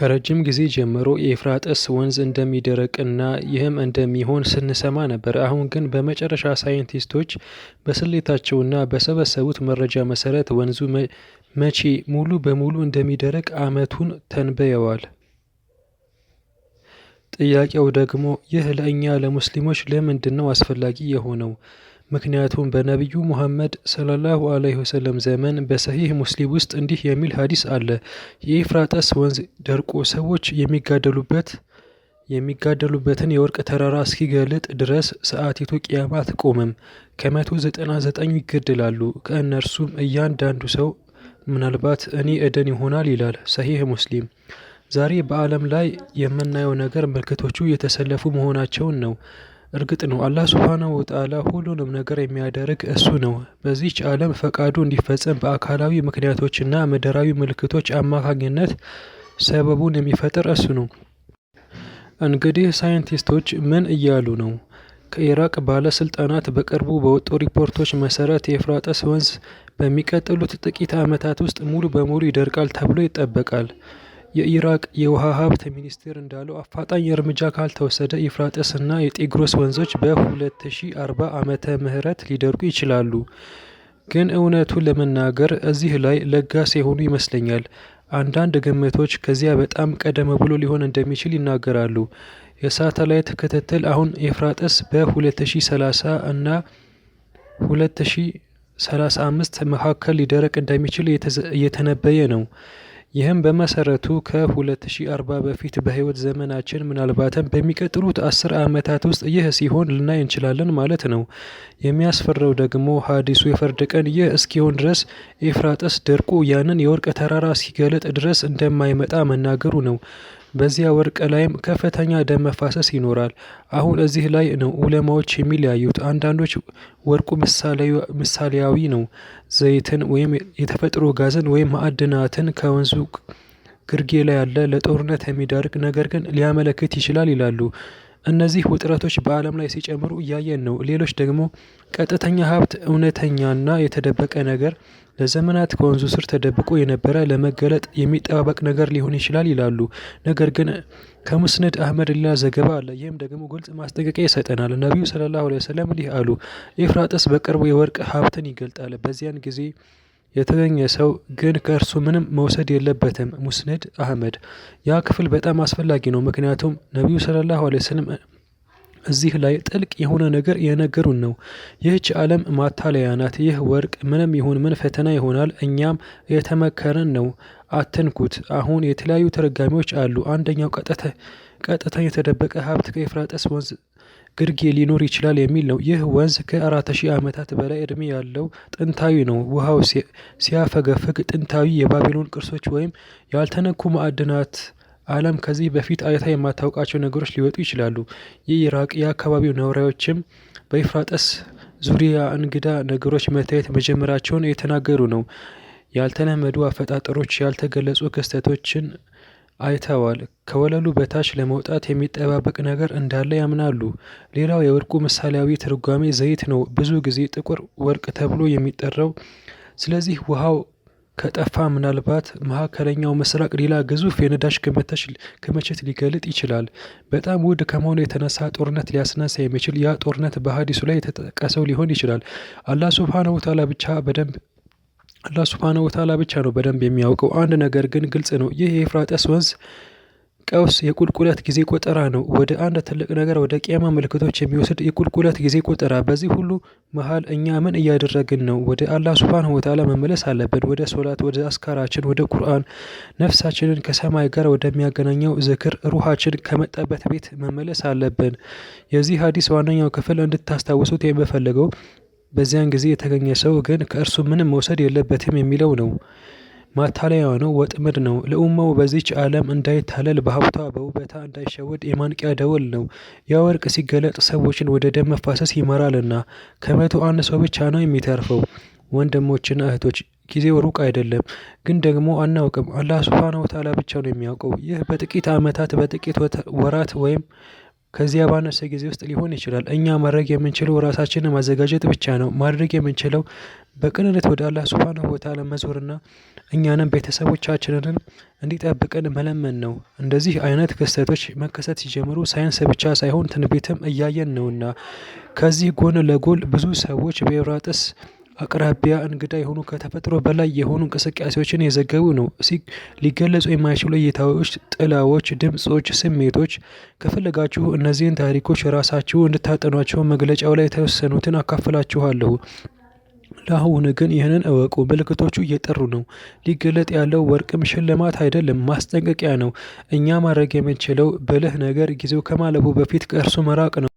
ከረጅም ጊዜ ጀምሮ የኤፍራጥስ ወንዝ እንደሚደረቅና ይህም እንደሚሆን ስንሰማ ነበር። አሁን ግን በመጨረሻ ሳይንቲስቶች በስሌታቸውና በሰበሰቡት መረጃ መሰረት ወንዙ መቼ ሙሉ በሙሉ እንደሚደረቅ ዓመቱን ተንበየዋል። ጥያቄው ደግሞ ይህ ለእኛ ለሙስሊሞች ለምንድን ነው አስፈላጊ የሆነው? ምክንያቱም በነቢዩ ሙሐመድ ሰለላሁ አለይሂ ወሰለም ዘመን በሰሂህ ሙስሊም ውስጥ እንዲህ የሚል ሀዲስ አለ። የኤፍራጠስ ወንዝ ደርቆ ሰዎች የሚጋደሉበት የሚጋደሉበትን የወርቅ ተራራ እስኪገልጥ ድረስ ሰዓቲቱ ቅያማ አትቆምም። ከመቶ ዘጠና ዘጠኙ ይገደላሉ። ከእነርሱም እያንዳንዱ ሰው ምናልባት እኔ እደን ይሆናል ይላል ሰሂህ ሙስሊም። ዛሬ በዓለም ላይ የምናየው ነገር ምልክቶቹ የተሰለፉ መሆናቸውን ነው። እርግጥ ነው አላህ ሱብሃነሁ ወተዓላ ሁሉንም ነገር የሚያደርግ እሱ ነው። በዚች ዓለም ፈቃዱ እንዲፈጸም በአካላዊ ምክንያቶችና ምድራዊ ምልክቶች አማካኝነት ሰበቡን የሚፈጥር እሱ ነው። እንግዲህ ሳይንቲስቶች ምን እያሉ ነው? ከኢራቅ ባለስልጣናት በቅርቡ በወጡ ሪፖርቶች መሰረት የፍራጠስ ወንዝ በሚቀጥሉት ጥቂት ዓመታት ውስጥ ሙሉ በሙሉ ይደርቃል ተብሎ ይጠበቃል። የኢራቅ የውሃ ሀብት ሚኒስቴር እንዳለው አፋጣኝ እርምጃ ካልተወሰደ ኤፍራጥስ እና የጤግሮስ ወንዞች በ2040 ዓመተ ምህረት ሊደርቁ ይችላሉ። ግን እውነቱን ለመናገር እዚህ ላይ ለጋስ የሆኑ ይመስለኛል። አንዳንድ ግምቶች ከዚያ በጣም ቀደም ብሎ ሊሆን እንደሚችል ይናገራሉ። የሳተላይት ክትትል አሁን ኤፍራጥስ በ2030 እና 2035 መካከል ሊደረቅ እንደሚችል እየተነበየ ነው። ይህም በመሰረቱ ከ2040 በፊት በህይወት ዘመናችን ምናልባትም በሚቀጥሉት አስር ዓመታት ውስጥ ይህ ሲሆን ልናይ እንችላለን ማለት ነው። የሚያስፈራው ደግሞ ሀዲሱ የፍርድ ቀን ይህ እስኪሆን ድረስ ኤፍራጥስ ደርቆ ያንን የወርቅ ተራራ እስኪገለጥ ድረስ እንደማይመጣ መናገሩ ነው። በዚያ ወርቅ ላይም ከፍተኛ ደም መፋሰስ ይኖራል። አሁን እዚህ ላይ ነው ዑለማዎች የሚለያዩት። አንዳንዶች ወርቁ ምሳሌያዊ ነው፣ ዘይትን ወይም የተፈጥሮ ጋዝን ወይም ማዕድናትን ከወንዙ ግርጌ ላይ ያለ ለጦርነት የሚዳርግ ነገር ግን ሊያመለክት ይችላል ይላሉ። እነዚህ ውጥረቶች በዓለም ላይ ሲጨምሩ እያየን ነው። ሌሎች ደግሞ ቀጥተኛ ሀብት እውነተኛና የተደበቀ ነገር ለዘመናት ከወንዙ ስር ተደብቆ የነበረ ለመገለጥ የሚጠባበቅ ነገር ሊሆን ይችላል ይላሉ። ነገር ግን ከሙስነድ አህመድ ሌላ ዘገባ አለ። ይህም ደግሞ ግልጽ ማስጠንቀቂያ ይሰጠናል። ነቢዩ ሰለላሁ ዐለይሂ ወሰለም እንዲህ አሉ፣ ኤፍራጥስ በቅርቡ የወርቅ ሀብትን ይገልጣል። በዚያን ጊዜ የተገኘ ሰው ግን ከእርሱ ምንም መውሰድ የለበትም። ሙስነድ አህመድ ያ ክፍል በጣም አስፈላጊ ነው። ምክንያቱም ነቢዩ ሰለላሁ ዐለይሂ ወሰለም እዚህ ላይ ጥልቅ የሆነ ነገር የነገሩን ነው። ይህች ዓለም ማታለያ ናት። ይህ ወርቅ ምንም ይሁን ምን ፈተና ይሆናል። እኛም የተመከረን ነው፣ አትንኩት። አሁን የተለያዩ ተረጋሚዎች አሉ። አንደኛው ቀጥተኛ የተደበቀ ሀብት ከኤፍራጠስ ወንዝ ግርጌ ሊኖር ይችላል የሚል ነው። ይህ ወንዝ ከ4000 ዓመታት በላይ እድሜ ያለው ጥንታዊ ነው። ውሃው ሲያፈገፍግ ጥንታዊ የባቢሎን ቅርሶች ወይም ያልተነኩ ማዕድናት ዓለም ከዚህ በፊት አይታ የማታውቃቸው ነገሮች ሊወጡ ይችላሉ። የኢራቅ የአካባቢው ነዋሪዎችም በኤፍራጥስ ዙሪያ እንግዳ ነገሮች መታየት መጀመራቸውን የተናገሩ ነው። ያልተለመዱ አፈጣጠሮች፣ ያልተገለጹ ክስተቶችን አይተዋል ከወለሉ በታች ለመውጣት የሚጠባበቅ ነገር እንዳለ ያምናሉ። ሌላው የወርቁ ምሳሌያዊ ትርጓሜ ዘይት ነው ብዙ ጊዜ ጥቁር ወርቅ ተብሎ የሚጠራው። ስለዚህ ውሃው ከጠፋ ምናልባት መካከለኛው ምስራቅ ሌላ ግዙፍ የነዳጅ ክምችት ሊገልጥ ይችላል። በጣም ውድ ከመሆኑ የተነሳ ጦርነት ሊያስነሳ የሚችል ያ ጦርነት በሀዲሱ ላይ የተጠቀሰው ሊሆን ይችላል። አላህ ሱብሃነሁ ወተዓላ ብቻ በደንብ አላህ ሱብሓነሁ ወተዓላ ብቻ ነው በደንብ የሚያውቀው። አንድ ነገር ግን ግልጽ ነው። ይህ የኤፍራጥስ ወንዝ ቀውስ የቁልቁለት ጊዜ ቆጠራ ነው። ወደ አንድ ትልቅ ነገር ወደ ቅያማ ምልክቶች የሚወስድ የቁልቁለት ጊዜ ቆጠራ። በዚህ ሁሉ መሀል እኛ ምን እያደረግን ነው? ወደ አላህ ሱብሓነሁ ወተዓላ መመለስ አለብን። ወደ ሶላት፣ ወደ አስካራችን፣ ወደ ቁርአን፣ ነፍሳችንን ከሰማይ ጋር ወደሚያገናኘው ዝክር፣ ሩሃችን ከመጣበት ቤት መመለስ አለብን። የዚህ ሀዲስ ዋነኛው ክፍል እንድታስታውሱት የምፈልገው በዚያን ጊዜ የተገኘ ሰው ግን ከእርሱ ምንም መውሰድ የለበትም የሚለው ነው። ማታለያ ነው፣ ወጥመድ ነው። ለኡማው በዚች ዓለም እንዳይታለል በሀብቷ በውበታ እንዳይሸወድ የማንቂያ ደወል ነው። ያ ወርቅ ሲገለጥ ሰዎችን ወደ ደም መፋሰስ ይመራልና ከመቶ አንድ ሰው ብቻ ነው የሚተርፈው። ወንድሞችና እህቶች ጊዜው ሩቅ አይደለም፣ ግን ደግሞ አናውቅም። አላህ ሱብሃነሁ ወተዓላ ብቻ ነው የሚያውቀው። ይህ በጥቂት ዓመታት በጥቂት ወራት ወይም ከዚያ ባነሰ ጊዜ ውስጥ ሊሆን ይችላል። እኛ ማድረግ የምንችለው ራሳችንን ማዘጋጀት ብቻ ነው። ማድረግ የምንችለው በቅንነት ወደ አላህ ሱብሃነሁ ወተዓላ መዞርና እኛንም ቤተሰቦቻችንንም እንዲጠብቅን መለመን ነው። እንደዚህ አይነት ክስተቶች መከሰት ሲጀምሩ ሳይንስ ብቻ ሳይሆን ትንቢትም እያየን ነውና ከዚህ ጎን ለጎን ብዙ ሰዎች በኤፍራጥስ አቅራቢያ እንግዳ የሆኑ ከተፈጥሮ በላይ የሆኑ እንቅስቃሴዎችን የዘገቡ ነው። ሊገለጹ የማይችሉ እይታዎች፣ ጥላዎች፣ ድምፆች፣ ስሜቶች። ከፈለጋችሁ እነዚህን ታሪኮች ራሳችሁ እንድታጠኗቸው መግለጫው ላይ የተወሰኑትን አካፍላችኋለሁ። ለአሁን ግን ይህንን እወቁ፣ ምልክቶቹ እየጠሩ ነው። ሊገለጥ ያለው ወርቅም ሽልማት አይደለም፣ ማስጠንቀቂያ ነው። እኛ ማድረግ የምንችለው ብልህ ነገር ጊዜው ከማለፉ በፊት ከእርሱ መራቅ ነው።